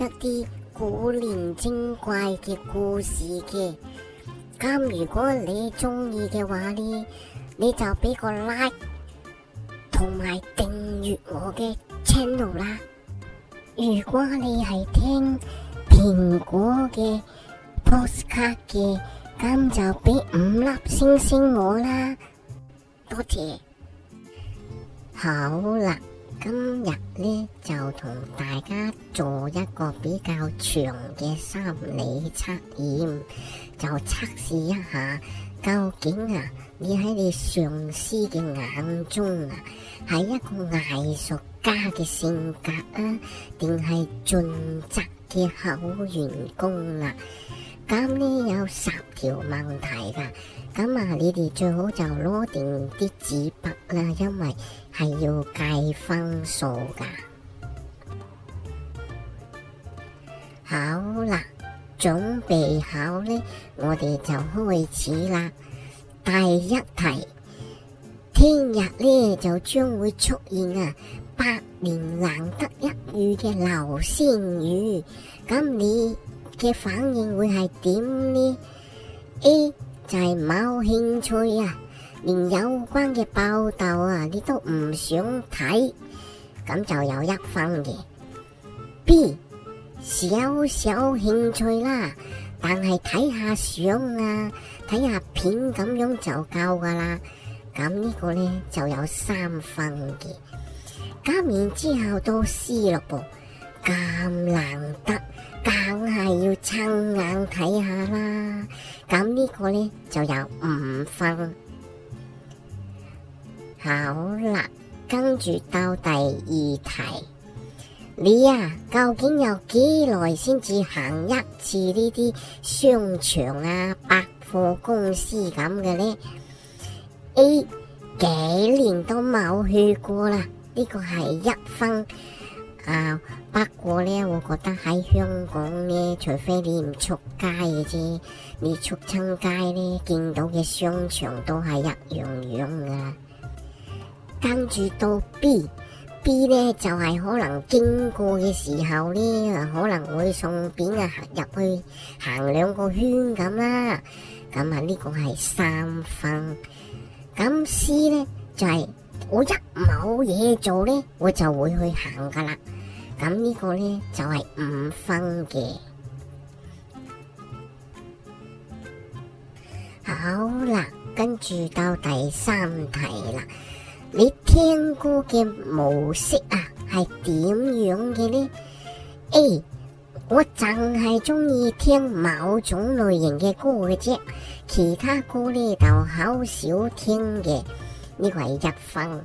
一啲古靈精怪嘅故事嘅，咁如果你鍾意嘅話呢，你就畀個 like 同埋訂閱我嘅 channel 啦。如果你係聽蘋果嘅 postcard 嘅，咁就畀五粒星星我啦，多謝。好啦。今日咧就同大家做一個比較長嘅心理測驗，就測試一下究竟啊，你喺你上司嘅眼中啊，係一個藝術家嘅性格啊，定係盡責嘅好員工啊？咁呢，有十條問題噶，咁啊你哋最好就攞定啲紙筆啦，因為。係要計分數噶，好啦，準備好咧，我哋就開始啦。第一題，聽日咧就將會出現啊，百年難得一遇嘅流星雨，咁你嘅反應會係點呢？A 就係冇興趣啊。連有關嘅報道啊，你都唔想睇，咁就有一分嘅。B，少少興趣啦，但係睇下相啊，睇下片咁樣就夠噶啦。咁呢個咧就有三分嘅。咁然之後都俱樂部，咁難得，梗係要親眼睇下啦。咁呢個咧就有五分。好啦，跟住到第二題，你呀、啊，究竟有幾耐先至行一次呢啲商場啊、百貨公司咁嘅呢？A、哎、幾年都冇去過啦，呢、呢個係一分啊。不、呃、過呢，我覺得喺香港呢，除非你唔出街嘅啫，你出親街呢，見到嘅商場都係一樣樣噶。跟住到 B，B 咧，就係可能經過嘅時候咧，可能會順便啊行入去行兩個圈咁啦。咁啊呢個係三分。咁 C 咧，就係我一冇嘢做咧，我就會去行㗎喇。咁呢個咧，就係五分嘅。好啦，跟住到第三題啦。你聽歌嘅模式啊，係點樣嘅呢？A，我淨係鍾意聽某種類型嘅歌嘅啫，其他歌咧就好少聽嘅。呢、這個係一分。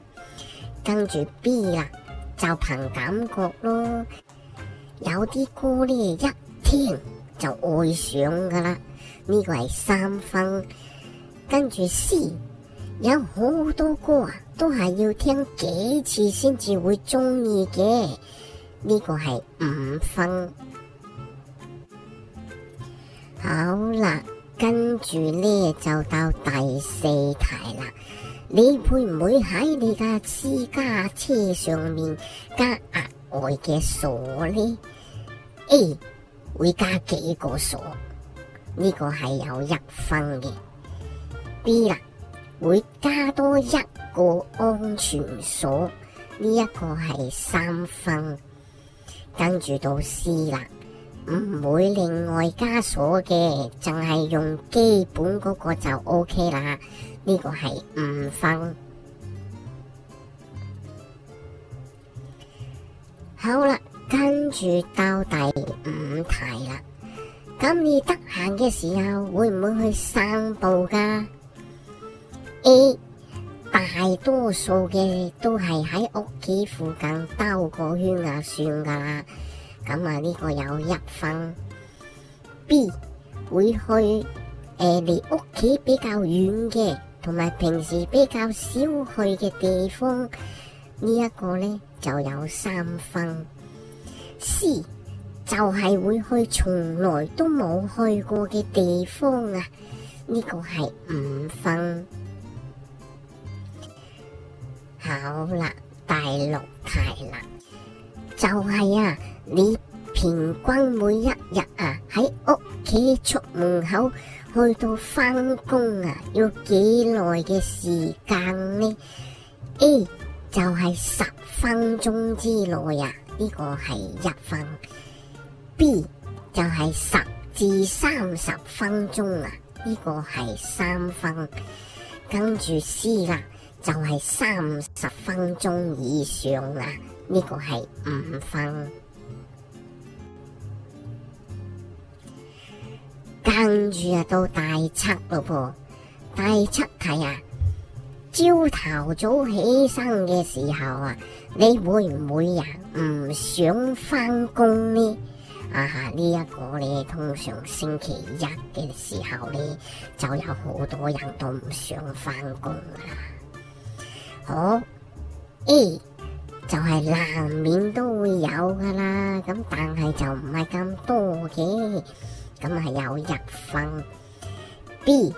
跟住 B 啦，就憑感覺咯。有啲歌咧一聽就愛上噶啦，呢、這個係三分。跟住 C。有好多歌啊，都係要聽幾次先至會中意嘅，呢個係五分。好啦，跟住咧就到第四題啦。你會唔會喺你嘅私家車上面加額外嘅鎖咧？A 會加幾個鎖？呢個係有一分嘅。B 啦。會加多一個安全鎖，呢、這、一個係三分。跟住到 C 啦，唔、嗯、會另外加鎖嘅，淨係用基本嗰個就 OK 啦。呢、這個係五分。好啦，跟住到第五題啦。咁、嗯、 你得閒嘅時候會唔會去散步㗎？A 大多數嘅都係喺屋企附近兜個圈啊，算噶啦。咁啊，呢個有一分。B 會去誒，離屋企比較遠嘅，同埋平時比較少去嘅地方，這個、呢一個咧就有三分。C 就係會去從來都冇去過嘅地方啊，呢、這個係五分。好啦，第六題啦，就係啊，你平均每一日啊喺屋企出門口去到返工啊，要幾耐嘅時間呢？A 就係十分鐘之內啊，呢個係一分；B 就係十至三十分鐘啊，呢個係三分。跟住 C 啦。就係三十分鐘以上啊，呢個係五分。跟住啊，到第七囉噃，第七題啊，朝頭早起身嘅時候啊，你會唔會啊唔想翻工？呢？啊，呢一個咧，通常星期一嘅時候咧，就有好多人都唔想翻工啦。好 A 就係難免都會有噶啦，咁但係就唔係咁多嘅，咁係有一分。B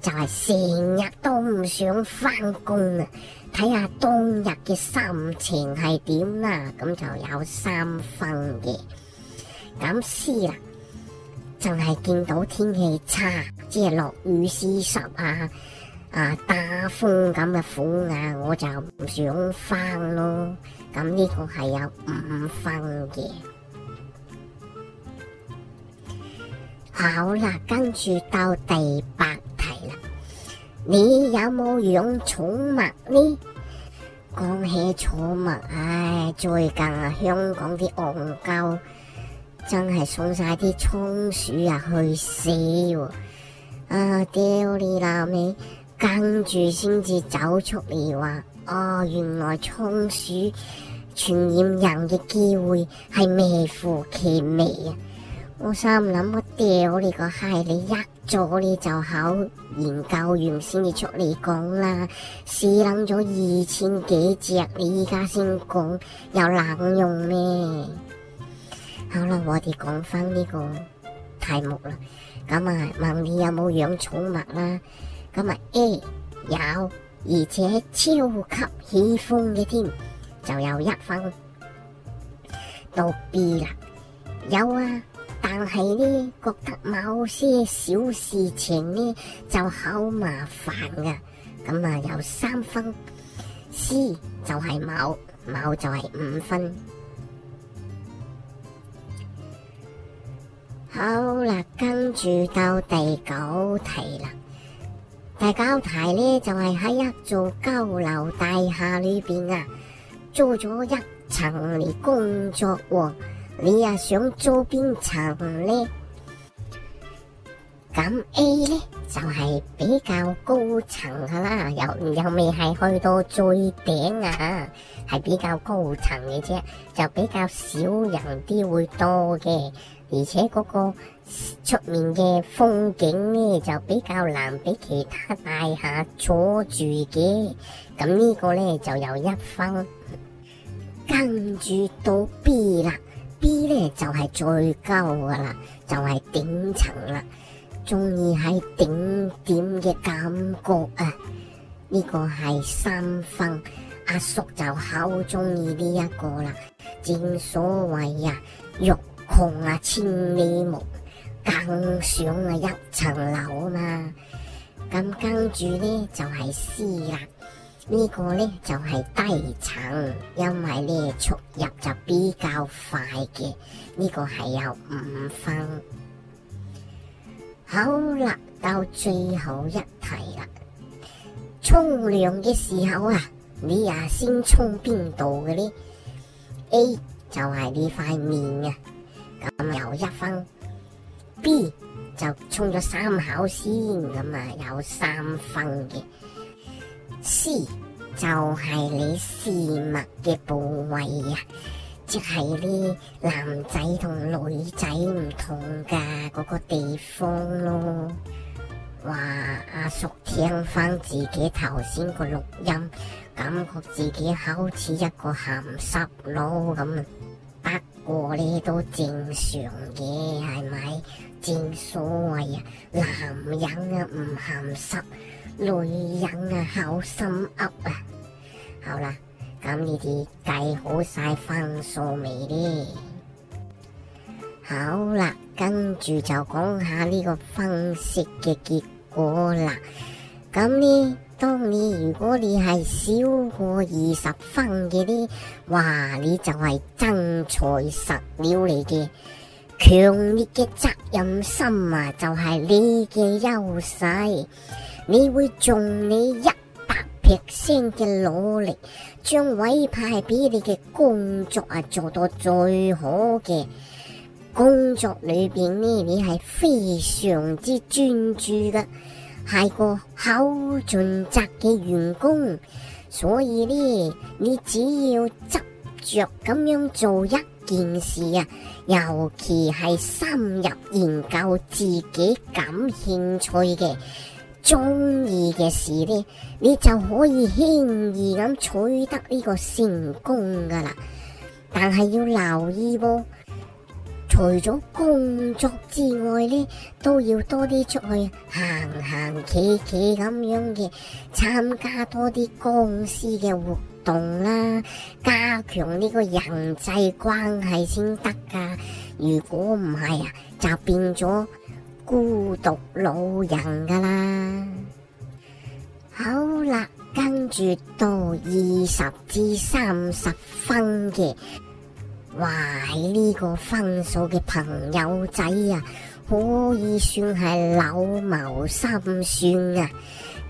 就係成日都唔想翻工啊，睇下當日嘅心情係點啦，咁就有三分嘅。咁 C 啦，就係見到天氣差，即係落雨、濕濕啊。啊！打風咁嘅款啊，我就唔想返咯。咁呢個係有五分嘅。好啦，跟住到第八題啦。你有冇養寵物呢？講起寵物，唉，最近啊，香港啲戇鳩真係送晒啲倉鼠啊去死喎！啊，屌你老味！跟住先至走出嚟話，哦，原來倉鼠傳染人嘅機會係微乎其微啊！我心諗啊，掉呢個鞋你一早你就考研究員先至出嚟講啦，試諗咗二千幾隻，你依家先講，有冷用咩？好啦，我哋講翻呢個題目啦，咁啊問你有冇養寵物啦？咁啊，A 有而且超級喜歡嘅添，就有一分。到 B 啦，有啊，但係呢覺得某些小事情呢就好麻煩噶，咁、嗯、啊有三分。C 就係冇冇，冇就係五分。好啦，跟住到第九題啦。大係交題呢，就係、是、喺一座高樓大廈裏面啊，做咗一層嚟工作、哦。你啊想租邊層呢？咁 A 呢，就係、是、比較高層噶啦，又又未係去到最頂啊，係比較高層嘅啫，就比較少人啲會多嘅。而且嗰個出面嘅風景呢，就比較難俾其他大廈阻住嘅，咁呢個呢，就有一分。跟住到 B 啦，B 呢，就係、是、最高噶啦，就係頂層啦，中意喺頂點嘅感覺啊！呢、這個係三分，阿叔就好中意呢一個啦。正所謂啊，欲。紅啊，千里目，更上啊一層樓啊嘛！咁跟住咧就係、是、C 啦，這個、呢個咧就係、是、低層，因為咧速入就比較快嘅。呢、這個係有五分。好啦，到最後一題啦，沖涼嘅時候啊，你啊先沖邊度嘅呢？A 就係呢塊面啊。咁有一分，B 就充咗三口先，咁啊有三分嘅。C 就係你私密嘅部位啊，即係啲男仔同女仔唔同噶嗰個地方咯。哇，阿叔聽翻自己頭先個錄音，感覺自己好似一個鹹濕佬咁啊！我呢、哦、都正常嘅，係咪？正所謂啊，男人啊唔咸濕，女人啊好心急啊。好啦，咁呢啲計好晒分數未呢？好啦，跟住就講下呢個分析嘅結果啦。咁呢？當你如果你係少過二十分嘅呢，哇，你就係真材實料嚟嘅。強烈嘅責任心啊，就係你嘅優勢。你會盡你一百 percent 嘅努力，將委派俾你嘅工作啊做到最好嘅。工作裏邊呢，你係非常之專注噶。係個好盡責嘅員工，所以咧，你只要執着咁樣做一件事啊，尤其係深入研究自己感興趣嘅、中意嘅事咧，你就可以輕易咁取得呢個成功噶啦。但係要留意喎、哦。除咗工作之外呢都要多啲出去行行企企咁樣嘅，參加多啲公司嘅活動啦，加強呢個人際關係先得噶。如果唔係啊，就變咗孤獨老人噶啦。好啦，跟住到二十至三十分嘅。哇呢個分數嘅朋友仔啊，可以算係老謀深算啊。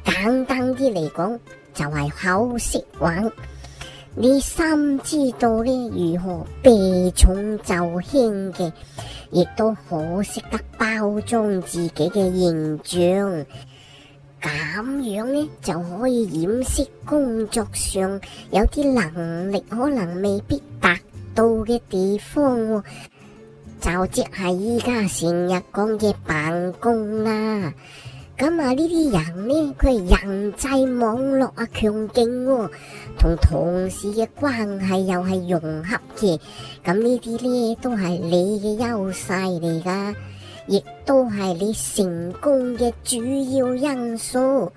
簡單啲嚟講，就係好識玩。你心知道呢，如何避重就輕嘅，亦都好識得包裝自己嘅形象。咁樣呢，就可以掩飾工作上有啲能力可能未必達到嘅地方，哦，就即係依家成日講嘅辦公啦。咁啊呢啲人呢，佢係人際網絡啊強勁，同同事嘅關係又係融洽嘅。咁呢啲呢，都係你嘅優勢嚟噶，亦都係你成功嘅主要因素。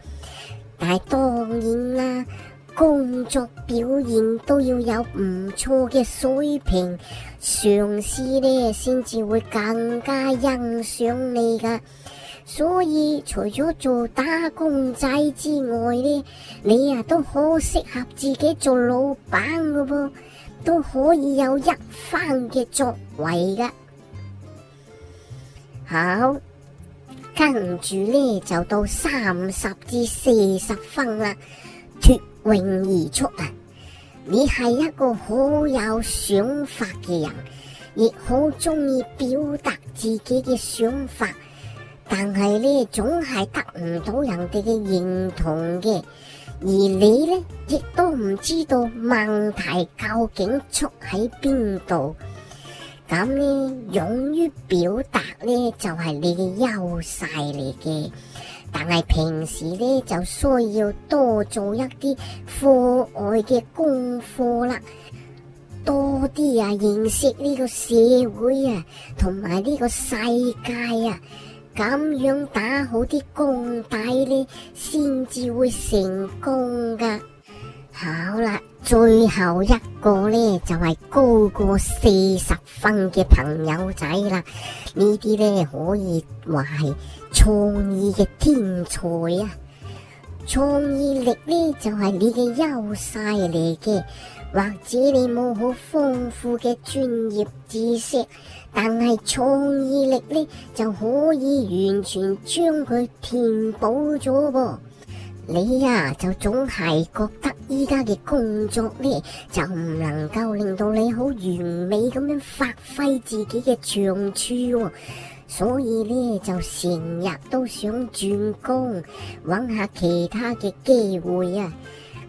但係當然啦，啊。工作表現都要有唔錯嘅水平，上司呢先至會更加欣賞你噶。所以除咗做打工仔之外呢，你啊都好適合自己做老闆噶噃，都可以有一番嘅作為噶。好，跟住呢就到三十至四十分啦。泳而出啊！你係一個好有想法嘅人，亦好中意表達自己嘅想法，但係呢，總係得唔到人哋嘅認同嘅，而你呢，亦都唔知道問題究竟出喺邊度。咁呢，勇於表達呢，就係你嘅優勢嚟嘅。但係平時呢，就需要多做一啲課外嘅功課啦，多啲啊認識呢個社會啊，同埋呢個世界啊，咁樣打好啲功底呢，先至會成功㗎。好啦。最後一個呢，就係、是、高過四十分嘅朋友仔啦，呢啲呢，可以話係創意嘅天才啊！創意力呢就係、是、你嘅優勢嚟嘅，或者你冇好豐富嘅專業知識，但係創意力呢就可以完全將佢填補咗喎。你呀，啊，就總係覺得而家嘅工作呢，就唔能夠令到你好完美咁樣發揮自己嘅長處，哦，所以呢，就成日都想轉工，揾下其他嘅機會啊！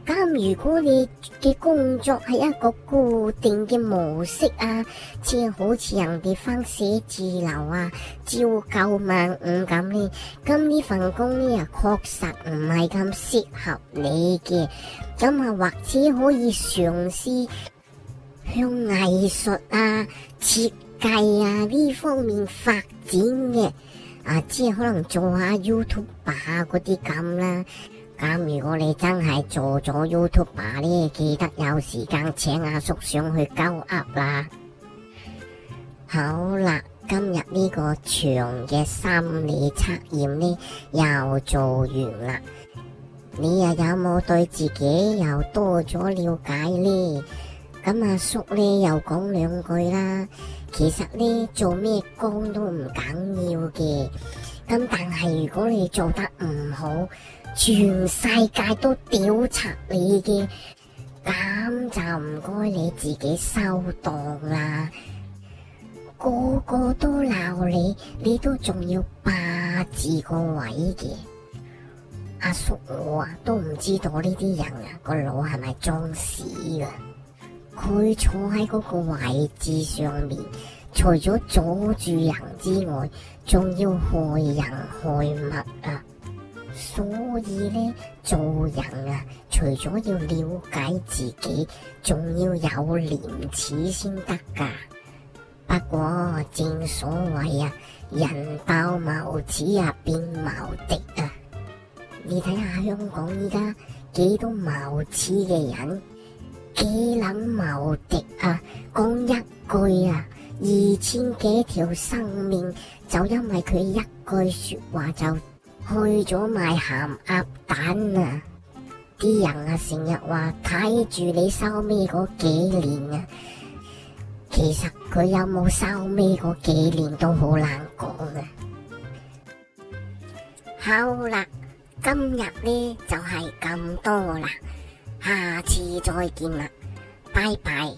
咁如果你嘅工作係一個固定嘅模式啊，即係好似人哋返寫字樓啊，朝九晚五咁，呢咁呢份工呢，又確實唔係咁適合你嘅，咁啊或者可以嘗試向藝術啊、設計啊呢方面發展嘅，啊即係可能做下 YouTube 啊嗰啲咁啦。咁如果你真係做咗 YouTuber 呢，記得有時間請阿叔上去交鴨啦。好啦，今日呢個長嘅心理測驗呢又做完啦，你又有冇對自己又多咗了解呢？咁阿叔呢又講兩句啦。其實呢做咩工都唔緊要嘅，咁但係如果你做得唔好。全世界都屌柒你嘅，咁就唔該你自己收檔啦。個個都鬧你，你都仲要霸住個位嘅。阿叔我啊，都唔知道呢啲人啊，個腦係咪裝屎噶？佢坐喺嗰個位置上面，除咗阻住人之外，仲要害人害物啊！所以咧，做人啊，除咗要了解自己，仲要有廉恥先得噶。不過正所謂啊，人到無恥啊變無敵啊。你睇下香港依家幾多無恥嘅人，幾諗無敵啊？講一句啊，二千幾條生命就因為佢一句說話就。去咗賣鹹鴨蛋啊！啲人啊成日話睇住你收尾嗰幾年啊，其實佢有冇收尾嗰幾年都好難講啊！好啦，今日咧就係咁多啦，下次再見啦，拜拜。